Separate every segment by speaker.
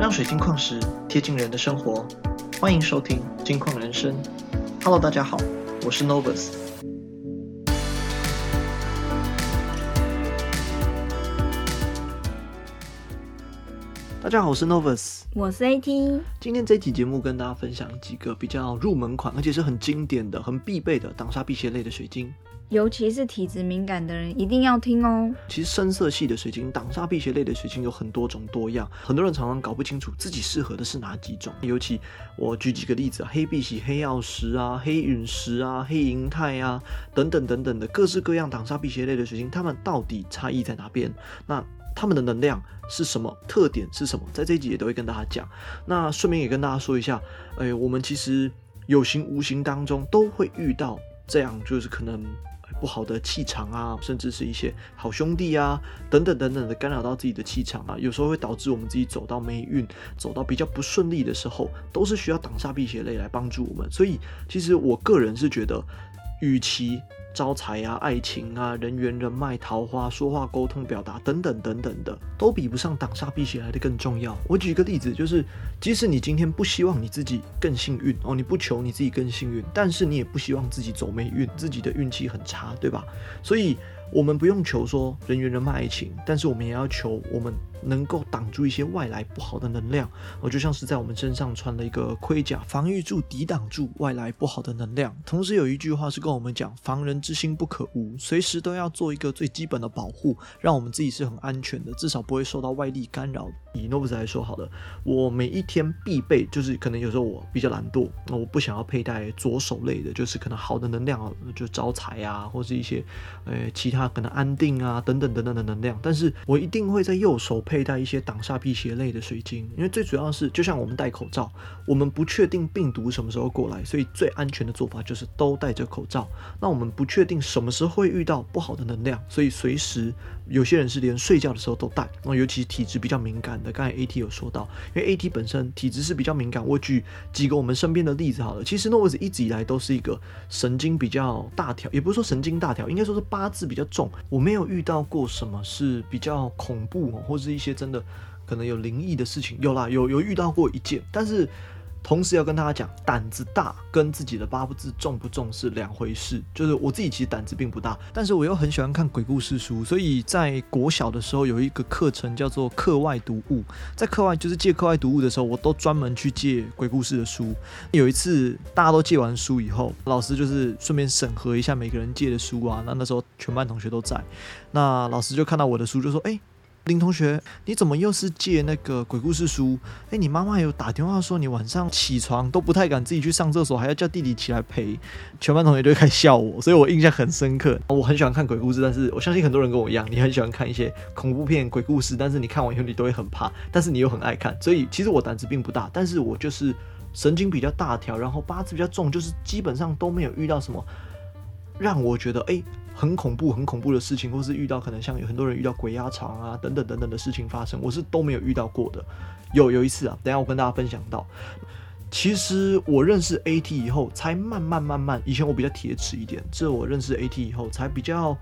Speaker 1: 讓水晶礦石貼近人的生活，歡迎收聽《晶礦人生》。Hello，大家好，我是 Novus。大家好，我是 Novus，
Speaker 2: 我是 AT。
Speaker 1: 今天這期節目跟大家分享幾個比較入門款，而且是很經典的、很必備的擋煞辟邪類的水晶，
Speaker 2: 尤其是體質敏感的人一定要聽哦。
Speaker 1: 其實深色系的水晶、擋煞辟邪類的水晶有很多種多樣，很多人常常搞不清楚自己適合的是哪幾種。尤其我舉幾個例子黑碧璽、黑曜石啊、黑隕石啊、黑銀鈦啊等等等等的各式各樣擋煞辟邪類的水晶，它們到底差異在哪邊？那他們的能量是什麼？特點是什麼？在這一集也都會跟大家講。那順便也跟大家說一下，欸，我們其實有形無形當中都會遇到這樣，就是可能不好的氣場啊，甚至是一些好兄弟啊，等等等等的干擾到自己的氣場啊，有時候會導致我們自己走到霉運，走到比較不順利的時候，都是需要擋煞避邪類來幫助我們。所以，其實我個人是覺得。與其招財啊、愛情啊、人緣人脈、桃花、說話溝通表達等等等等的，都比不上擋煞避邪來的更重要。我舉個例子，就是即使你今天不希望你自己更幸運哦，你不求你自己更幸運，但是你也不希望自己走霉運，自己的運氣很差，對吧？所以。我們不用求說人緣人脈愛情，但是我們也要求我們能夠擋住一些外來不好的能量，我就像是在我們身上穿了一個盔甲，防禦住、抵擋住外來不好的能量。同時有一句話是跟我們講：防人之心不可無，隨時都要做一個最基本的保護，讓我們自己是很安全的，至少不會受到外力干擾。以 Novus 來說，好了，我每一天必備就是，可能有時候我比較懶惰，我不想要佩戴左手類的，就是可能好的能量，就招財啊，或是一些、哎、其他。它、啊、可能安定啊，等等等等的能量，但是我一定會在右手佩戴一些擋煞辟邪類的水晶，因為最主要的是，就像我們戴口罩，我們不確定病毒什麼時候過來，所以最安全的做法就是都戴着口罩。那我們不確定什麼時候會遇到不好的能量，所以隨時有些人是連睡覺的時候都戴。那尤其是體質比較敏感的，剛才 AT 有說到，因為 AT 本身體質是比較敏感。我舉幾個我們身邊的例子好了，其實 Novus 一直以來都是一個神經比較大條，也不是說神經大條，應該說是八字比較重，我沒有遇到過什麼是比較恐怖，或者是一些真的可能有靈異的事情。有啦，有有遇到過一件，但是。同時要跟大家講，膽子大跟自己的八字重不重是兩回事。就是我自己其實膽子並不大，但是我又很喜歡看鬼故事書，所以在國小的時候有一個課程叫做課外讀物，在課外就是借課外讀物的時候，我都專門去借鬼故事的書。有一次大家都借完書以後，老師就是順便審核一下每個人借的書啊。那那時候全班同學都在，那老師就看到我的書就說：“誒、欸。林同學，你怎麼又是借那個鬼故事書？欸，你媽媽有打電話說你晚上起床都不太敢自己去上廁所，還要叫弟弟起來陪，全班同學都開始笑我，所以我印象很深刻。我很喜歡看鬼故事，但是我相信很多人跟我一樣，你很喜歡看一些恐怖片、鬼故事，但是你看完以後你都會很怕，但是你又很愛看，所以其實我膽子並不大，但是我就是神經比較大條，然後八字比較重，就是基本上都沒有遇到什麼讓我覺得欸很恐怖、很恐怖的事情，或是遇到可能像有很多人遇到鬼壓床啊等等等等的事情發生，我是都沒有遇到過的。有有一次啊，等一下我跟大家分享到，其實我認識 AT 以後，才慢慢慢慢，以前我比較鐵齒一點，這我認識 AT 以後才比較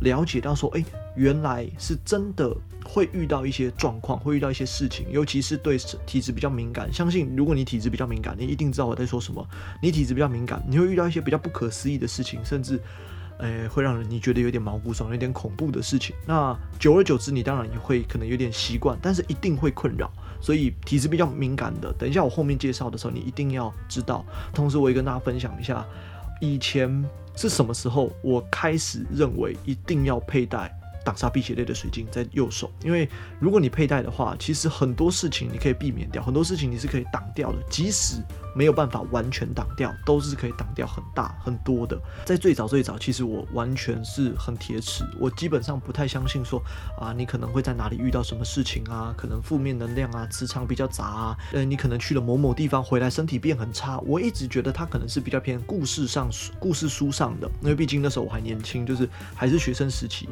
Speaker 1: 了解到說，誒、欸，原來是真的會遇到一些狀況，會遇到一些事情，尤其是對體質比較敏感。相信如果你體質比較敏感，你一定知道我在說什麼。你體質比較敏感，你會遇到一些比較不可思議的事情，甚至。呃、欸，會讓人你覺得有點毛骨悚然，有點恐怖的事情。那久而久之，你當然也會可能有點習慣，但是一定會困擾。所以體質比較敏感的，等一下我後面介紹的時候，你一定要知道。同時，我也跟大家分享一下，以前是什麼時候我開始認為一定要佩戴擋煞辟邪類的水晶在右手，因為如果你佩戴的話，其實很多事情你可以避免掉，很多事情你是可以擋掉的，即使。沒有辦法完全擋掉，都是可以擋掉很大很多的。在最早最早，其實我完全是很鐵齒，我基本上不太相信說啊，你可能會在哪裡遇到什麼事情啊，可能負面能量啊，磁場比較雜啊，嗯、呃，你可能去了某某地方回來身體變很差。我一直覺得他可能是比較偏故事上故事書上的，因為畢竟那時候我還年輕，就是還是學生時期。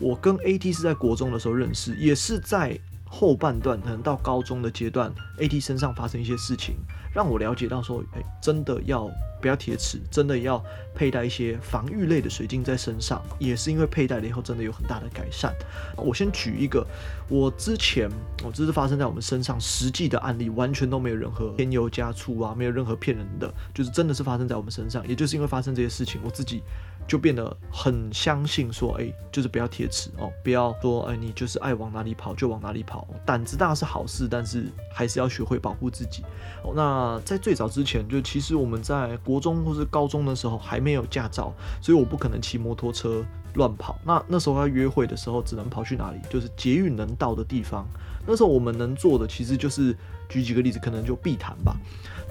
Speaker 1: 我跟 AT 是在國中的時候認識，也是在後半段，可能到高中的階段，AT 身上發生一些事情。讓我了解到說，哎、欸，真的要不要鐵齒，真的要佩戴一些防禦類的水晶在身上，也是因為佩戴了以後，真的有很大的改善。我先舉一個，我之前，我這是發生在我們身上實際的案例，完全都沒有任何添油加醋啊，沒有任何騙人的，就是真的是發生在我們身上。也就是因為發生這些事情，我自己就變得很相信說，哎、欸，就是不要鐵齒哦，不要說哎、欸，你就是愛往哪裡跑就往哪裡跑，膽子大是好事，但是還是要學會保護自己。哦、那呃，在最早之前，就其實我們在國中或是高中的時候還沒有駕照，所以我不可能騎摩托車亂跑。那那時候要約會的時候，只能跑去哪裡？就是捷運能到的地方。那時候我們能做的，其實就是舉幾個例子，可能就碧潭吧。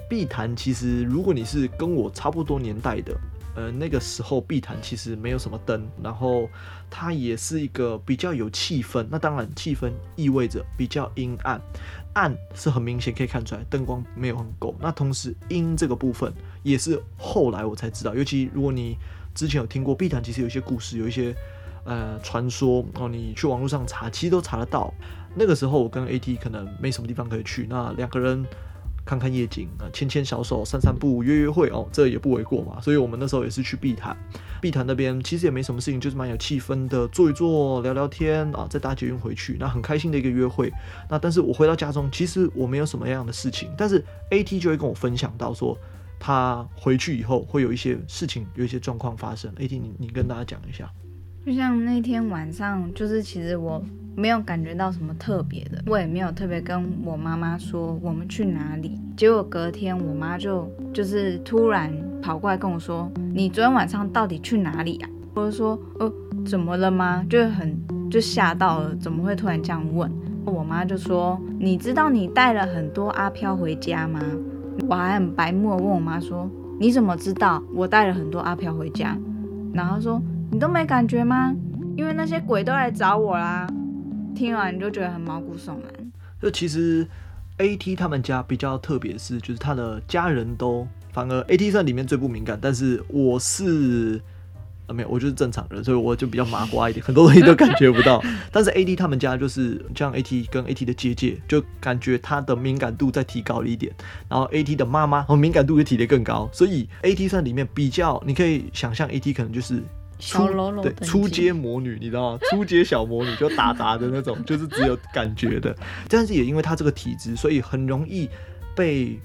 Speaker 1: 碧潭其實，如果你是跟我差不多年代的，呃，那個時候碧潭其實沒有什麼燈，然後它也是一個比較有氣氛。那當然，氣氛意味着比較陰暗。暗是很明顯可以看出來，燈光沒有很夠。那同時陰這個部分也是後來我才知道，尤其如果你之前有聽過碧潭，其實有一些故事，有一些呃傳說哦，你去網絡上查，其實都查得到。那個時候我跟 AT 可能沒什麼地方可以去，那兩個人。看看夜景啊，牽牽小手，散散步，約約會哦，這也不為過嘛。所以，我們那時候也是去碧潭，碧潭那邊其實也沒什麼事情，就是蠻有氣氛的，坐一坐，聊聊天啊，再搭捷運回去，那很開心的一個約會。那但是我回到家中，其實我沒有什麼樣的事情，但是 AT 就會跟我分享到說，他回去以後會有一些事情，有一些狀況發生。AT，你你跟大家講一下。
Speaker 2: 就像那天晚上，就是其實我沒有感覺到什麼特別的，我也沒有特別跟我媽媽說我們去哪裡。結果隔天我媽就就是突然跑過來跟我說：“你昨天晚上到底去哪裡啊？”我就說：“哦，怎麼了嗎？”就很就嚇到了，怎麼會突然這樣問？我媽就說：“你知道你帶了很多阿飄回家嗎？”我還很白目的問我媽說：“你怎麼知道我帶了很多阿飄回家？”然後說。你都沒感覺嗎？因為那些鬼都來找我啦，聽完你就覺得很毛骨悚然。
Speaker 1: 就其實 A T 他們家比較特別是，就是他的家人都反而 A T 算裡面最不敏感，但是我是啊、呃、沒有，我就是正常人，所以我就比較麻瓜一點， 很多東西都感覺不到。但是 A T 他們家就是像 A T 跟 A T 的姐姐，就感覺他的敏感度再提高了一點，然後 A T 的媽媽他敏感度又提得更高，所以 A T 算裡面比較，你可以想象 A T 可能就是。
Speaker 2: 出對初階
Speaker 1: 魔女，你知道嗎？初階小魔女，就打雜的那種， 就是只有感覺的。但是也因為她這個體質，所以很容易被。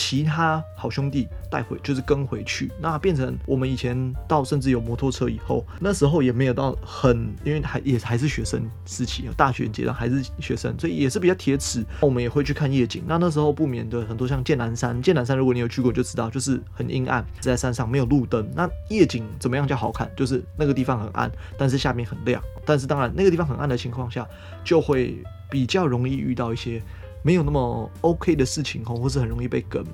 Speaker 1: 其他好兄弟帶回就是跟回去，那變成我們以前到甚至有摩托車以後，那時候也沒有到很，因為還也還是學生時期，大學階段還是學生，所以也是比較鐵齒。我們也會去看夜景。那那時候不免的很多像劍南山，劍南山如果你有去過就知道，就是很陰暗，在山上沒有路燈。那夜景怎麼樣叫好看？就是那個地方很暗，但是下面很亮。但是當然，那個地方很暗的情況下，就會比較容易遇到一些。沒有那麼 OK 的事情哦，或是很容易被梗。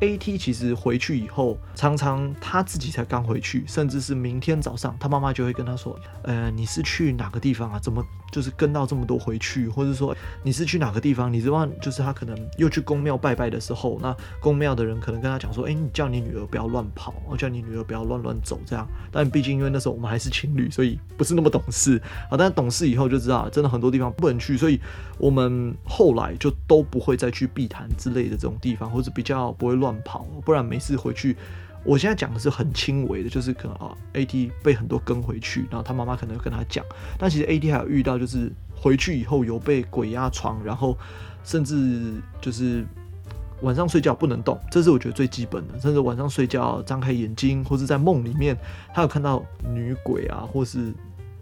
Speaker 1: AT 其實回去以後，常常他自己才剛回去，甚至是明天早上，他媽媽就會跟他說：“呃，你是去哪個地方啊？怎麼？”就是跟到這麼多回去，或者說你是去哪個地方，你知道嗎？就是他可能又去宮廟拜拜的時候，那宮廟的人可能跟他講說，哎、欸，你叫你女兒不要亂跑，我叫你女兒不要亂亂走這樣。但畢竟因為那時候我們還是情侶，所以不是那麼懂事啊。但懂事以後就知道，真的很多地方不能去，所以我們後來就都不會再去避談之類的這種地方，或者比較不會亂跑，不然每次回去。我現在講的是很輕微的，就是可能啊，AT 被很多跟回去，然後他媽媽可能會跟他講。但其實 AT 還有遇到，就是回去以後有被鬼壓床，然後甚至就是晚上睡覺不能動，這是我覺得最基本的。甚至晚上睡覺張開眼睛，或是在夢裡面，他有看到女鬼啊，或是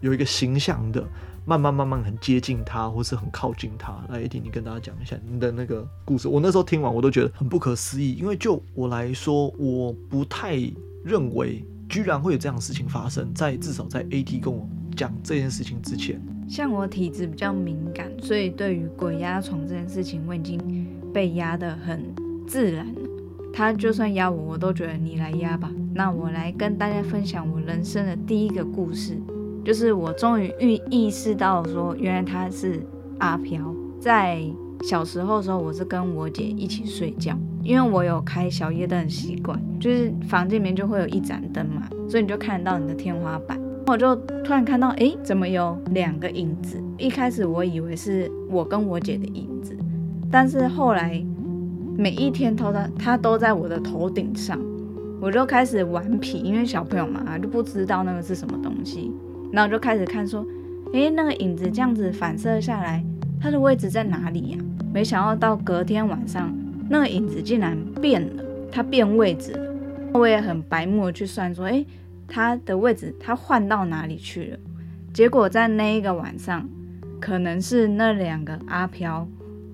Speaker 1: 有一個形象的。慢慢慢慢很接近他，或是很靠近他。那 AT，你跟大家講一下你的那個故事。我那時候聽完，我都覺得很不可思議，因為就我來說，我不太認為居然會有這樣的事情發生。在至少在 AT 跟我講這件事情之前，
Speaker 2: 像我體質比較敏感，所以對於鬼壓床這件事情，我已經被壓得很自然。他就算壓我，我都覺得你來壓吧。那我來跟大家分享我人生的第一個故事。就是我終於意意識到說，原來他是阿飄。在小時候的時候，我是跟我姐一起睡覺，因為我有開小夜燈的習慣，就是房間裡面就會有一盞燈嘛，所以你就看得到你的天花板。我就突然看到，哎、欸，怎麼有兩個影子？一開始我以為是我跟我姐的影子，但是後來每一天都在，他都在我的頭頂上。我就開始頑皮，因為小朋友嘛，就不知道那個是什麼東西。然後就開始看，說，哎，那個影子這樣子反射下來，它的位置在哪裡呀？沒想到到隔天晚上，那個影子竟然變了，它變位置了。我也很白目地去算，說，哎，它的位置它換到哪裡去了？結果在那一個晚上，可能是那兩個阿飄，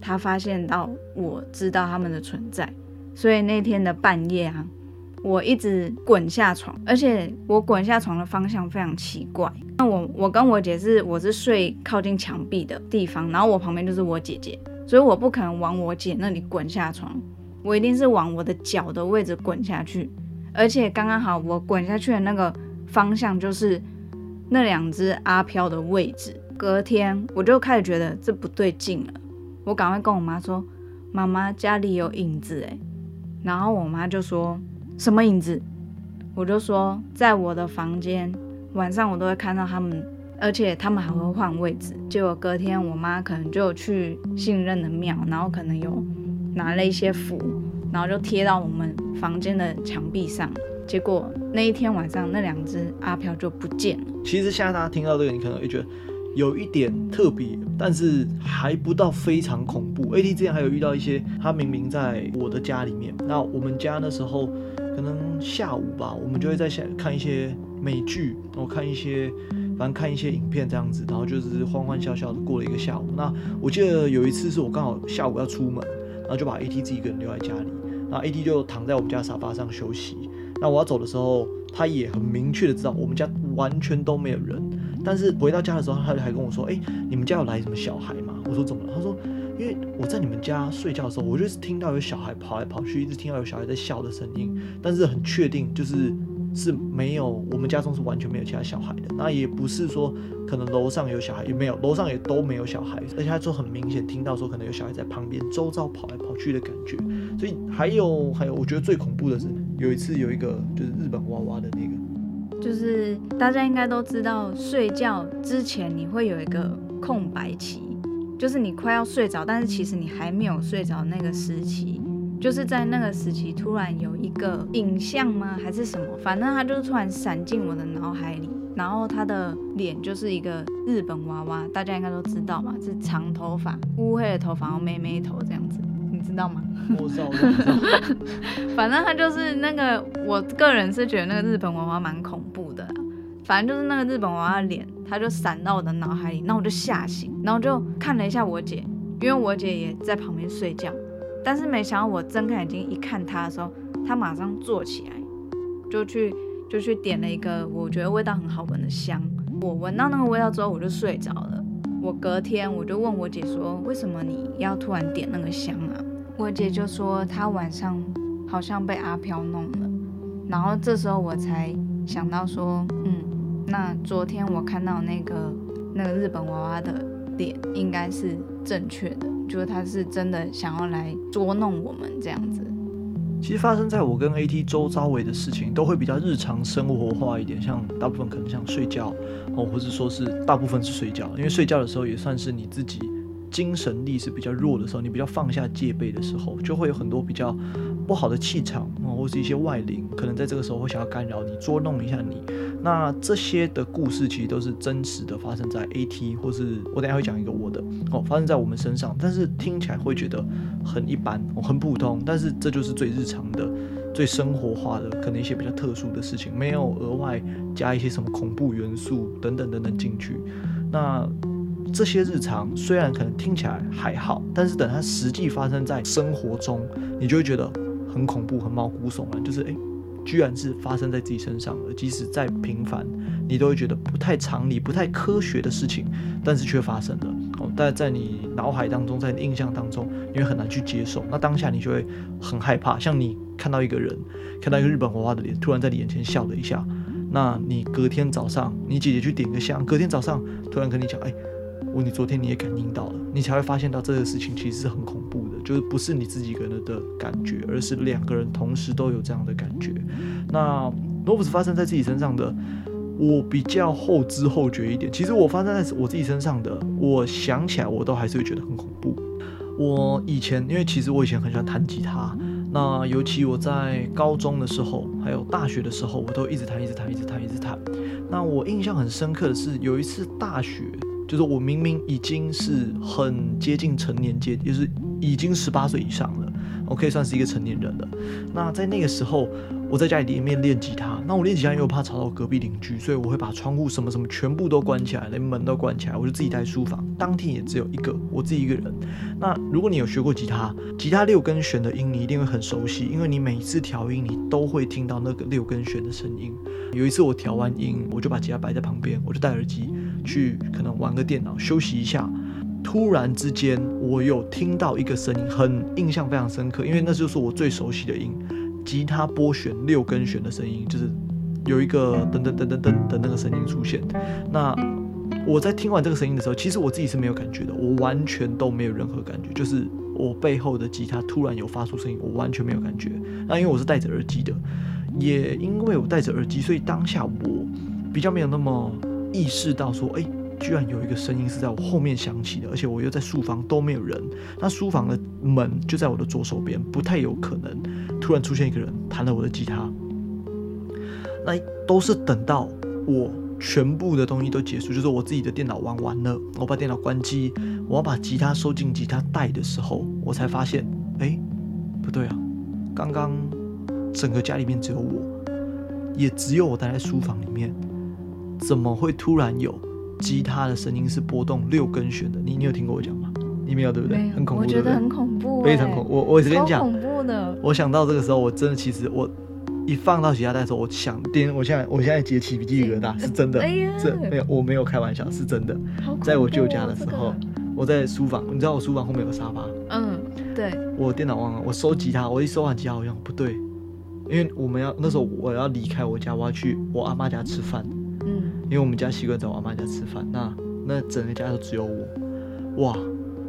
Speaker 2: 他發現到我知道他們的存在，所以那天的半夜啊。我一直滾下床，而且我滾下床的方向非常奇怪。那我我跟我姐是，我是睡靠近牆壁的地方，然後我旁邊就是我姐姐，所以我不可能往我姐那裡滾下床，我一定是往我的腳的位置滾下去。而且剛剛好，我滾下去的那個方向就是那兩隻阿飄的位置。隔天我就開始覺得這不對勁了，我趕快跟我媽說：“媽媽，家裡有影子欸！”然後我媽就說。什麼影子？我就說，在我的房間晚上我都會看到他們，而且他們還會換位置。結果隔天我媽可能就有去信任的廟，然後可能有拿了一些符，然後就貼到我們房間的牆壁上。結果那一天晚上那兩只阿飄就不見
Speaker 1: 了。其實現在大家聽到這個，你可能會覺得有一點特別，但是還不到非常恐怖。AT 之前還有遇到一些，他明明在我的家裡面，那我們家那時候。可能下午吧，我們就會在下看一些美劇，然後看一些，反正看一些影片這樣子，然後就是歡歡笑笑的過了一個下午。那我記得有一次是我剛好下午要出門，然後就把 AT 自己一個人留在家裡，那 AT 就躺在我們家沙發上休息。那我要走的時候，他也很明確的知道我們家完全都沒有人。但是回到家的時候，他就還跟我說：“哎、欸，你們家有來什麼小孩嗎？”我說：“怎麼了？”他說。因為我在你們家睡覺的時候，我就是聽到有小孩跑來跑去，一直聽到有小孩在笑的聲音，但是很確定就是是沒有，我們家中是完全沒有其他小孩的，那也不是說可能樓上有小孩也沒有，樓上也都沒有小孩，而且就很明顯聽到說可能有小孩在旁邊周遭跑來跑去的感覺，所以還有還有，我覺得最恐怖的是有一次有一個就是日本娃娃的那個，
Speaker 2: 就是大家應該都知道，睡覺之前你會有一個空白期。就是你快要睡着，但是其實你還沒有睡着那個時期，就是在那個時期突然有一個影像嗎？還是什麼？反正他就突然閃進我的腦海裡，然後他的臉就是一個日本娃娃，大家應該都知道嘛，是長頭髮、烏黑的頭髮、然後妹妹頭這樣子，你知道嗎？知道、哦，哦、
Speaker 1: 反正他就是
Speaker 2: 那個，我個人是覺得那個日本娃娃蠻恐怖的。反正就是那個日本娃娃的臉，他就閃到我的腦海裡，那我就嚇醒，然後就看了一下我姐，因為我姐也在旁邊睡覺，但是沒想到我睜開眼睛一看她的時候，她馬上坐起來，就去就去點了一個我覺得味道很好聞的香，我聞到那個味道之後我就睡着了。我隔天我就問我姐說，為什麼你要突然點那個香啊？我姐就說她晚上好像被阿飄弄了，然後這時候我才想到說，嗯。那昨天我看到那個那個日本娃娃的臉，應該是正確的，就是他是真的想要來捉弄我們這樣子。
Speaker 1: 其實發生在我跟 AT 周遭的事情，都會比較日常生活化一點，像大部分可能像睡覺，或者說是大部分是睡覺，因為睡覺的時候也算是你自己精神力是比較弱的時候，你比較放下戒備的時候，就會有很多比較不好的氣場或是一些外靈，可能在這個時候會想要干擾你，捉弄一下你。那這些的故事其實都是真實的，發生在 AT 或是我等下會講一個我的哦，發生在我們身上。但是聽起來會覺得很一般哦，很普通。但是這就是最日常的、最生活化的，可能一些比較特殊的事情，沒有額外加一些什麼恐怖元素等等等等進去。那這些日常雖然可能聽起來還好，但是等它實際發生在生活中，你就會覺得。很恐怖，很毛骨悚然，就是哎、欸，居然是發生在自己身上的，即使再平凡，你都會覺得不太常理、不太科學的事情，但是卻發生了。哦，但在你腦海當中，在你印象當中，你會很難去接受。那當下你就會很害怕。像你看到一個人，看到一個日本娃娃的臉，突然在你眼前笑了一下。那你隔天早上，你姐姐去點個香，隔天早上突然跟你講，哎、欸，我你昨天你也感應到了，你才會發現到這個事情其實是很恐怖的。就是不是你自己個人的感覺，而是兩個人同時都有這樣的感覺。那如果是發生在自己身上的，我比較後知後覺一點。其實我發生在我自己身上的，我想起來，我都還是會覺得很恐怖。我以前，因為其實我以前很喜歡彈吉他，那尤其我在高中的時候，還有大學的時候，我都一直彈，一直彈，一直彈，一直彈。那我印象很深刻的是，有一次大學，就是我明明已經是很接近成年階，就是。已經十八歲以上了，我可以算是一個成年人了。那在那個時候，我在家裡裡面練吉他。那我練吉他因為我怕吵到隔壁鄰居，所以我會把窗戶什麼什麼全部都關起來，連門都關起來，我就自己待在書房。當天也只有一個我自己一個人。那如果你有學過吉他，吉他六根弦的音你一定會很熟悉，因為你每一次調音你都會聽到那個六根弦的聲音。有一次我調完音，我就把吉他擺在旁邊，我就戴耳機去可能玩個電腦休息一下。突然之間，我有聽到一個聲音，很印象非常深刻，因為那就是我最熟悉的音，吉他撥弦六根弦的聲音，就是有一個噔噔噔噔噔噔的那個聲音出現。那我在聽完這個聲音的時候，其實我自己是沒有感覺的，我完全都沒有任何感覺，就是我背後的吉他突然有發出聲音，我完全沒有感覺。那因為我是戴着耳機的，也因為我戴着耳機，所以當下我比較沒有那麼意識到說，哎、欸。居然有一個聲音是在我後面響起的，而且我又在書房都沒有人，那書房的門就在我的左手邊，不太有可能突然出現一個人彈了我的吉他。那都是等到我全部的東西都結束，就是我自己的電腦玩完了，我把電腦關機，我要把吉他收進吉他袋的時候，我才發現，哎，不對啊，剛剛整個家裡面只有我，也只有我待在書房裡面，怎麼會突然有？吉他的聲音是波動六根弦的，你你有聽過我講嗎？你沒有對不對？有很恐怖，我覺得很恐怖，
Speaker 2: 欸，非常恐怖。我我隨便講，恐怖。我
Speaker 1: 想到這個時候，我真的其實我一放到吉他袋的時候，我想，顛。我現在我現在節氣比第一個大，對是真的。這、哎、呀沒有，我沒有開玩笑，是真的。
Speaker 2: 哦、在我舅家
Speaker 1: 的時候，這個、我在書房，你知道我書房後面有個沙發，嗯，
Speaker 2: 對。
Speaker 1: 我電腦忘了，我收吉他，我一收完吉他好像不對，因為我們要那時候我要離開我家，我要去我阿媽家吃飯。嗯因為我們家習慣在我阿媽家吃飯，那那整個家就只有我，哇！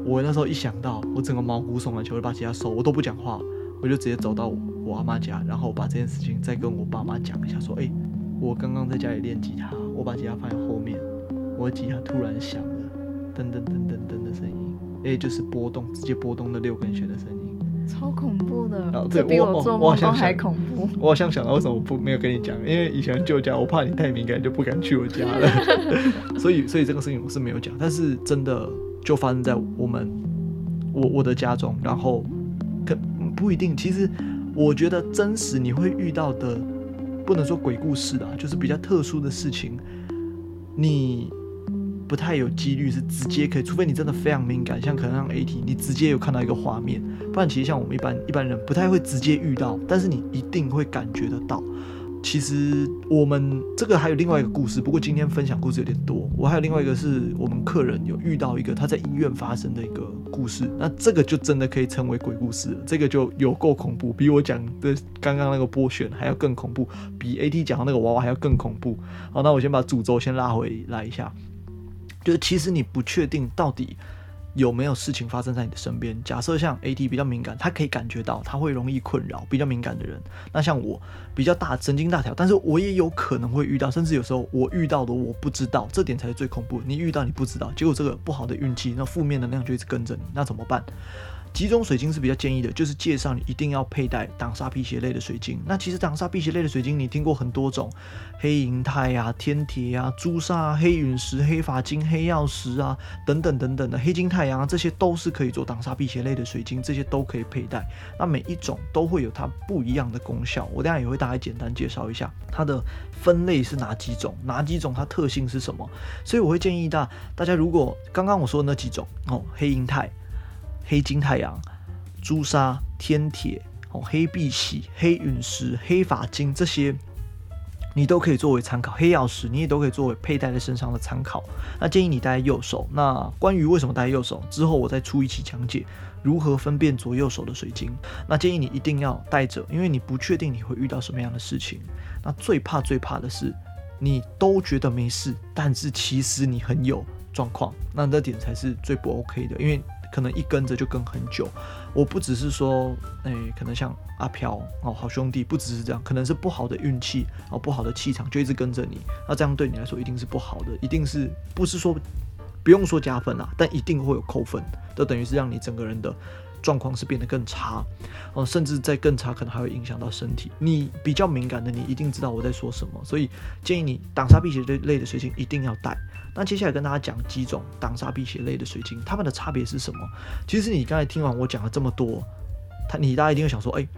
Speaker 1: 我那時候一想到我整個毛骨悚然，就會把吉他收，我都不講話，我就直接走到我，我阿媽家，然後我把這件事情再跟我爸媽講一下，說，哎、欸，我剛剛在家裡練吉他，我把吉他放在後面，我的吉他突然響了，噔噔噔噔噔的聲音，哎、欸，就是撥動，直接撥動了六根弦的聲音。
Speaker 2: 超恐怖的，對，這比我做夢都還恐怖。
Speaker 1: 我好像想到為什麼我不沒有跟你講，因為以前舊家，我怕你太敏感就不敢去我家了。 所以，所以這個事情我是沒有講，但是真的就發生在我們，我我的家中。然後，可不一定，其實我覺得真實你會遇到的，不能說鬼故事啦，就是比較特殊的事情，你。不太有幾率是直接可以，除非你真的非常敏感，像可能像 A T，你直接有看到一個畫面，不然其實像我們一般一般人不太會直接遇到，但是你一定會感覺得到。其實我們這個還有另外一個故事，不過今天分享故事有點多，我還有另外一個是我們客人有遇到一個他在醫院發生的一個故事，那這個就真的可以稱為鬼故事了，這個就有夠恐怖，比我講的剛剛那個波選還要更恐怖，比 A T 講的那個娃娃還要更恐怖。好，那我先把主軸先拉回來一下。就是其實你不確定到底有沒有事情發生在你的身邊。假設像 AT 比較敏感，他可以感覺到，他會容易困擾，比較敏感的人。那像我比較大神經大條，但是我也有可能會遇到，甚至有時候我遇到的我不知道，這點才是最恐怖。你遇到你不知道，結果這個不好的運氣，那負面能量就一直跟着你，那怎麼辦？幾種水晶是比較建議的，就是介紹你一定要佩戴擋煞辟邪類的水晶。那其實擋煞辟邪類的水晶，你聽過很多種，黑銀鈦啊、天鐵啊、朱砂啊、黑隕石、黑髮晶、黑曜石啊，等等等等的黑金太陽啊，這些都是可以做擋煞辟邪類的水晶，這些都可以佩戴。那每一種都會有它不一樣的功效，我等下也會大家簡單介紹一下它的分類是哪幾種，哪幾種它特性是什麼。所以我會建議大大家如果剛剛我說的那幾種哦，黑銀鈦。黑金太陽、朱砂、天鐵、哦黑碧璽、黑隕石、黑髮晶這些，你都可以作為參考。黑曜石你也都可以作為佩戴在身上的參考。那建議你戴右手。那關於為什麼戴右手，之後我再出一期講解如何分辨左右手的水晶。那建議你一定要帶着，因為你不確定你會遇到什麼樣的事情。那最怕最怕的是你都覺得沒事，但是其實你很有狀況。那這點才是最不 OK 的，因為。可能一跟着就跟很久，我不只是說，哎、欸，可能像阿飄哦，好兄弟，不只是這樣，可能是不好的運氣哦，不好的氣場就一直跟着你，那這樣對你來說一定是不好的，一定是不是說不用說加分啦，但一定會有扣分，都等於是讓你整個人的。狀況是變得更差，呃、甚至再更差，可能還會影響到身體。你比較敏感的，你一定知道我在說什麼。所以建議你擋煞辟邪類的水晶一定要帶。那接下來跟大家講幾種擋煞辟邪類的水晶，它們的差別是什麼？其實你剛才聽完我講了這麼多，它你大家一定會想說，哎、欸，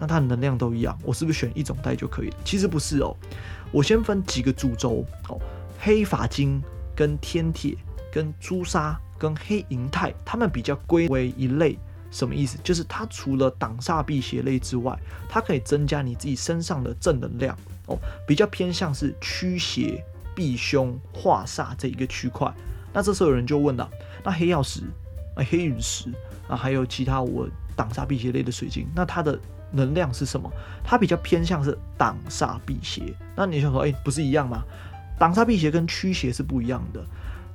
Speaker 1: 那它的能量都一樣，我是不是選一種帶就可以了？其實不是哦。我先分幾個主軸哦，黑髮晶跟天鐵、跟朱砂、跟黑銀鈦，它們比較歸為一類。什麼意思？就是它除了擋煞辟邪類之外，它可以增加你自己身上的正能量哦，比較偏向是驅邪、避凶、化煞這一個區塊。那這時候有人就問了：那黑曜石、啊、呃、黑隕石啊，還有其他我擋煞辟邪類的水晶，那它的能量是什麼？它比較偏向是擋煞辟邪。那你想說，哎、欸，不是一樣嗎？擋煞辟邪跟驅邪是不一樣的。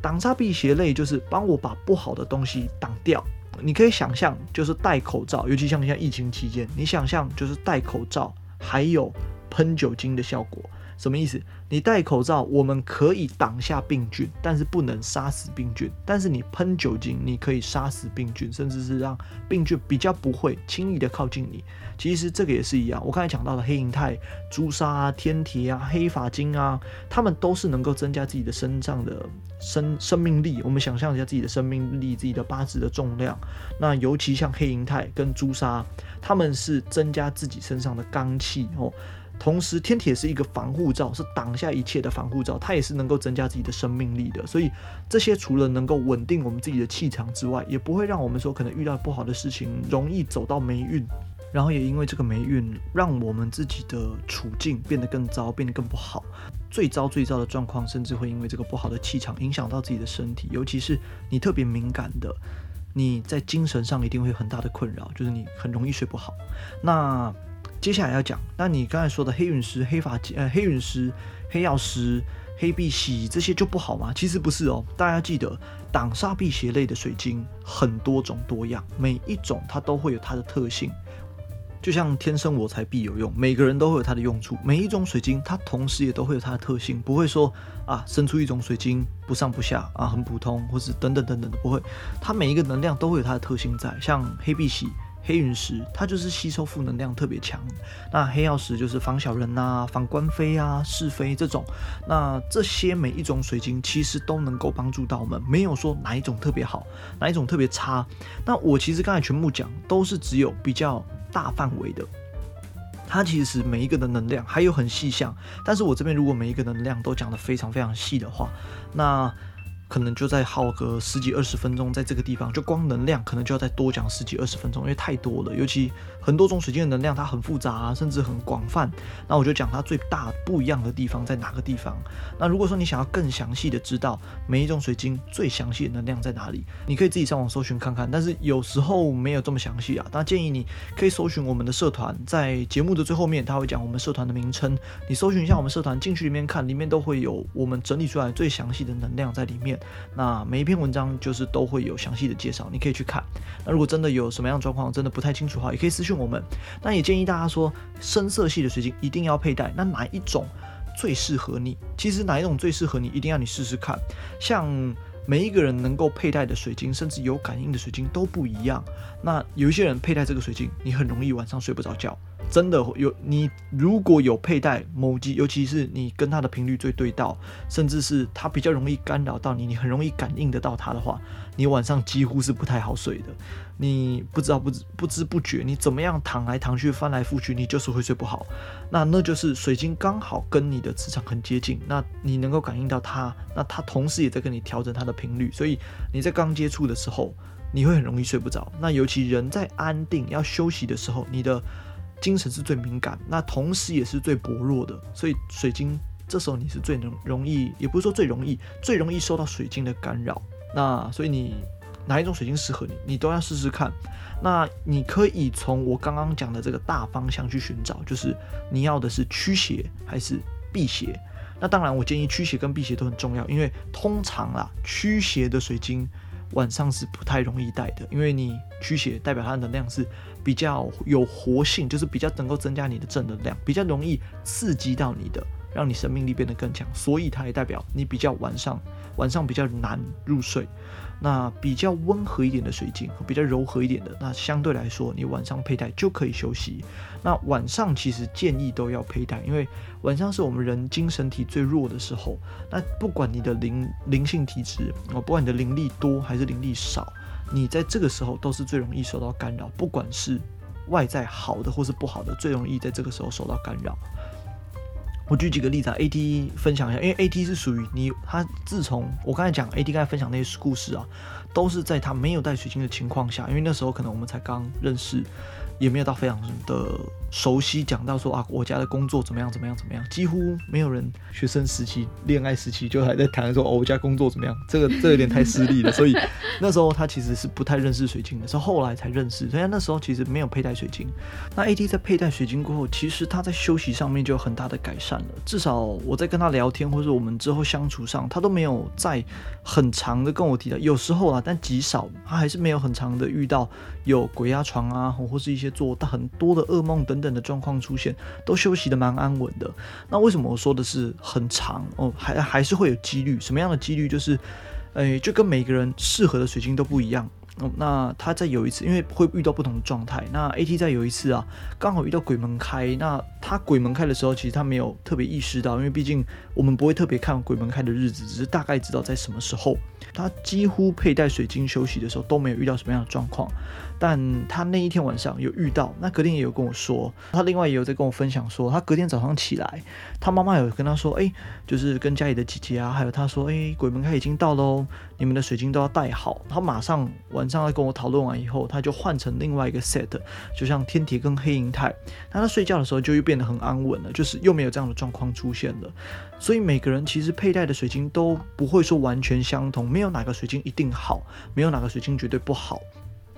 Speaker 1: 擋煞辟邪類就是幫我把不好的東西擋掉。你可以想象，就是戴口罩，尤其像現在疫情期間，你想象就是戴口罩，還有噴酒精的效果，什麼意思？你戴口罩，我們可以擋下病菌，但是不能殺死病菌；但是你噴酒精，你可以殺死病菌，甚至是讓病菌比較不會輕易的靠近你。其實這個也是一樣，我剛才講到的黑銀鈦、朱砂啊、天鐵啊、黑髮晶啊，他們都是能夠增加自己的身上的。生生命力，我們想象一下自己的生命力，自己的八字的重量。那尤其像黑銀鈦跟朱砂，他們是增加自己身上的罡氣哦。同時，天鐵是一個防護罩，是擋下一切的防護罩，它也是能夠增加自己的生命力的。所以這些除了能夠穩定我們自己的氣場之外，也不會讓我們說可能遇到不好的事情，容易走到霉運。然後也因為這個霉運，讓我們自己的處境變得更糟，變得更不好。最糟最糟的狀況，甚至會因為這個不好的氣場影響到自己的身體，尤其是你特別敏感的，你在精神上一定會很大的困擾，就是你很容易睡不好。那接下來要講，那你剛才說的黑隕石、黑髮、呃，黑隕石、黑曜石、黑碧璽這些就不好嗎？其實不是哦，大家記得擋煞辟邪類的水晶很多種多樣，每一種它都會有它的特性。就像天生我材必有用，每個人都會有它的用處。每一種水晶，它同時也都會有它的特性，不會說啊，生出一種水晶不上不下啊，很普通，或是等等等等的，不會。它每一個能量都會有它的特性在，像黑碧璽。黑隕石它就是吸收負能量特別強，那黑曜石就是防小人吶、啊、防官非啊、是非這種。那這些每一種水晶其實都能夠幫助到我們，沒有說哪一種特別好，哪一種特別差。那我其實剛才全部講都是只有比較大範圍的，它其實每一個的能量還有很細項。但是我這邊如果每一個能量都講得非常非常細的話，那。可能就再耗個十幾二十分鐘，在這個地方就光能量可能就要再多講十幾二十分鐘，因為太多了，尤其很多種水晶的能量它很複雜啊，甚至很廣泛。那我就講它最大不一樣的地方在哪個地方。那如果說你想要更詳細的知道每一種水晶最詳細的能量在哪裡，你可以自己上網搜尋看看。但是有時候沒有這麼詳細啊，那建議你可以搜尋我們的社團，在節目的最後面他會講我們社團的名稱，你搜尋一下我們社團進去裡面看，裡面都會有我們整理出來最詳細的能量在裡面。那每一篇文章就是都會有詳細的介紹，你可以去看。那如果真的有什麼樣的狀況，真的不太清楚的話，也可以私信我們。那也建議大家說，深色系的水晶一定要佩戴。那哪一種最適合你？其實哪一種最適合你，一定要你試試看。像每一個人能夠佩戴的水晶，甚至有感應的水晶都不一樣。那有一些人佩戴這個水晶，你很容易晚上睡不着覺。真的有你如果有佩戴某晶，尤其是你跟它的頻率最對到，甚至是它比較容易干擾到你，你很容易感應得到它的話，你晚上幾乎是不太好睡的。你不知道不不知不覺，你怎麼樣躺來躺去，翻來覆去，你就是會睡不好。那那就是水晶剛好跟你的磁場很接近，那你能夠感應到它，那它同時也在跟你調整它的頻率，所以你在剛接觸的時候，你會很容易睡不着。那尤其人在安定要休息的時候，你的。精神是最敏感，那同時也是最薄弱的，所以水晶這時候你是最容容易，也不是說最容易，最容易受到水晶的干擾。那所以你哪一種水晶適合你，你都要試試看。那你可以從我剛剛講的這個大方向去尋找，就是你要的是驅邪還是辟邪。那當然，我建議驅邪跟辟邪都很重要，因為通常啦，驅邪的水晶。晚上是不太容易戴的，因為你驅邪代表它的能量是比較有活性，就是比較能夠增加你的正能量，比較容易刺激到你的。讓你生命力變得更強，所以它也代表你比較晚上，晚上比較難入睡。那比較溫和一點的水晶，比較柔和一點的，那相對來說你晚上佩戴就可以休息。那晚上其實建議都要佩戴，因為晚上是我們人精神體最弱的時候。那不管你的靈靈性體質，哦，不管你的靈力多還是靈力少，你在這個時候都是最容易受到干擾，不管是外在好的或是不好的，最容易在這個時候受到干擾。我舉幾個例子啊，AT 分享一下，因為 AT 是屬於你，他自從我剛才講 AT，剛才分享的那些故事啊，都是在他沒有帶水晶的情況下，因為那時候可能我們才剛認識，也沒有到非常的。熟悉，講到說啊，我家的工作怎麼樣怎麼樣怎麼樣？幾乎沒有人學生時期、戀愛時期就還在談說哦，我家工作怎麼樣？這個這個，有點太勢利了。所以那時候他其實是不太認識水晶的，是後來才認識。所以那時候其實沒有佩戴水晶。那 AT 在佩戴水晶過後，其實他在休息上面就有很大的改善了。至少我在跟他聊天，或者我們之後相處上，他都沒有在很長的跟我提到。有時候啊，但極少，他還是沒有很長的遇到有鬼壓、啊、床啊，或是一些做很多的噩夢等等。人的狀況出現，都休息得蠻安穩的。那為什麼我說的是很長哦、嗯，還還是會有幾率？什麼樣的幾率？就是，誒、欸，就跟每個人適合的水晶都不一樣。嗯、那他再有一次，因為會遇到不同的狀態。那 AT 再有一次啊，剛好遇到鬼門開。那他鬼門開的時候，其實他沒有特別意識到，因為畢竟我們不會特別看鬼門開的日子，只是大概知道在什麼時候。他幾乎佩戴水晶休息的時候，都沒有遇到什麼樣的狀況。但他那一天晚上有遇到，那隔天也有跟我說，他另外也有在跟我分享說，他隔天早上起來，他媽媽有跟他說，哎、欸，就是跟家裡的姐姐啊，還有他說，哎、欸，鬼門開已經到嘍，你們的水晶都要戴好。他馬上晚上要跟我討論完以後，他就換成另外一個 set，就像天鐵跟黑銀鈦，那他睡覺的時候就又變得很安穩了，就是又沒有這樣的狀況出現了。所以每個人其實佩戴的水晶都不會說完全相同，沒有哪個水晶一定好，沒有哪個水晶絕對不好。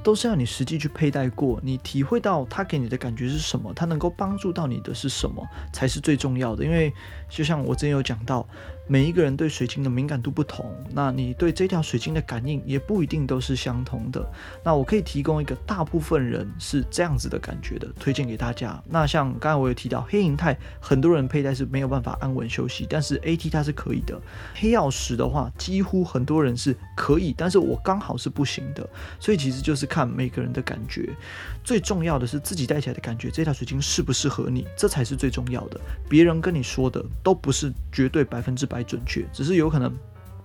Speaker 1: 都是要你實際去佩戴過，你體會到它給你的感覺是什麼，它能夠幫助到你的是什麼，才是最重要的。因為就像我之前有講到。每一個人對水晶的敏感度不同，那你對這條水晶的感應也不一定都是相同的。那我可以提供一個大部分人是這樣子的感覺的，推薦給大家。那像剛才我有提到黑銀鈦，很多人佩戴是沒有辦法安穩休息，但是 AT 它是可以的。黑曜石的話，幾乎很多人是可以，但是我剛好是不行的。所以其實就是看每個人的感覺。最重要的是自己戴起來的感覺，這條水晶適不適合你，這才是最重要的。別人跟你說的都不是絕對百分之百。還準確，只是有可能。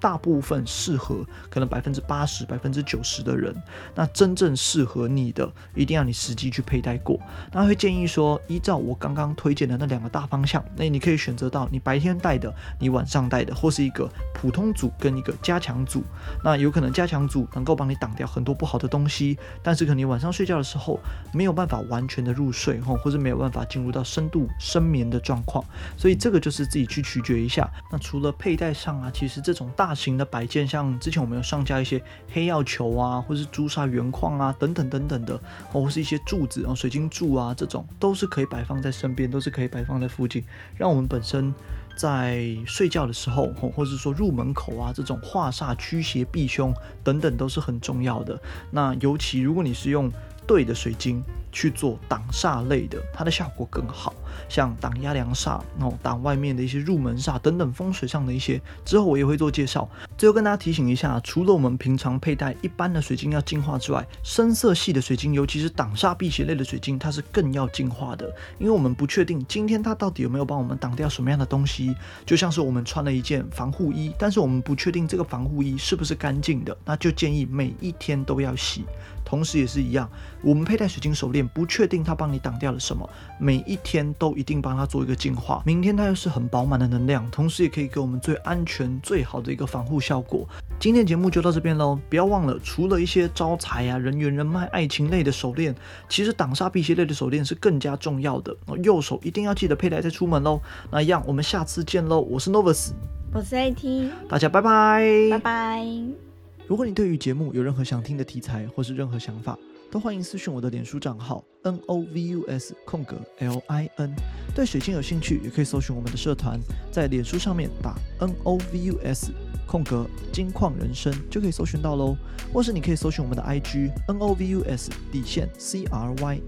Speaker 1: 大部分適合可能百分之八十、百分之九十的人，那真正適合你的，一定要你實際去佩戴過。那會建議說，依照我剛剛推薦的那兩個大方向，那你可以選擇到你白天戴的、你晚上戴的，或是一個普通組跟一個加強組。那有可能加強組能夠幫你擋掉很多不好的東西，但是可能你晚上睡覺的時候沒有辦法完全的入睡，或是沒有辦法進入到深度深眠的狀況。所以這個就是自己去取決一下。那除了佩戴上啊，其實這種大大、啊、型的擺件，像之前我們有上架一些黑曜球啊，或是朱砂原礦啊，等等等等的，或、哦、是一些柱子啊、哦，水晶柱啊，這種都是可以擺放在身邊，都是可以擺放，放在附近，讓我們本身在睡覺的時候，哦、或者說入門口啊，這種化煞驅邪避凶等等，都是很重要的。那尤其如果你是用對的水晶去做擋煞類的，它的效果更好，像擋壓梁煞，然後擋外面的一些入門煞等等風水上的一些，之後我也會做介紹。最後跟大家提醒一下，除了我們平常佩戴一般的水晶要淨化之外，深色系的水晶，尤其是擋煞辟邪類的水晶，它是更要淨化的，因為我們不確定今天它到底有沒有幫我們擋掉什麼樣的東西，就像是我們穿了一件防護衣，但是我們不確定這個防護衣是不是乾淨的，那就建議每一天都要洗。同時也是一樣，我們佩戴水晶手鏈，不確定它幫你擋掉了什麼，每一天都一定幫它做一個淨化。明天它又是很飽滿的能量，同時也可以給我們最安全、最好的一個防護效果。今天節目就到這邊嘍，不要忘了，除了一些招財啊、人緣、人脈、愛情類的手鏈，其實擋煞辟邪類的手鏈是更加重要的。右手一定要記得佩戴再出門嘍。那一樣，我們下次見嘍，我是 Novus，
Speaker 2: 我是艾婷，
Speaker 1: 大家拜拜，拜拜。如果你對於節目有任何想聽的題材，或是任何想法，都歡迎私訊我的臉書賬號。Novus 空格 Lin 對水晶有興趣，也可以搜尋我們的社團，在臉書上面打 Novus 空格晶礦人生就可以搜尋到嘍。或是你可以搜尋我們的 IG Novus 底線 Crystal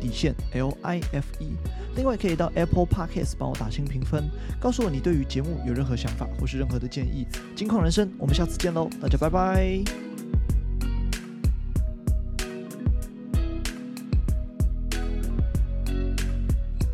Speaker 1: 底線 Life。另外可以到 Apple Podcast 幫我打星評分，告訴我你對於節目有任何想法或是任何的建議。晶礦人生，我們下次見嘍，大家拜拜。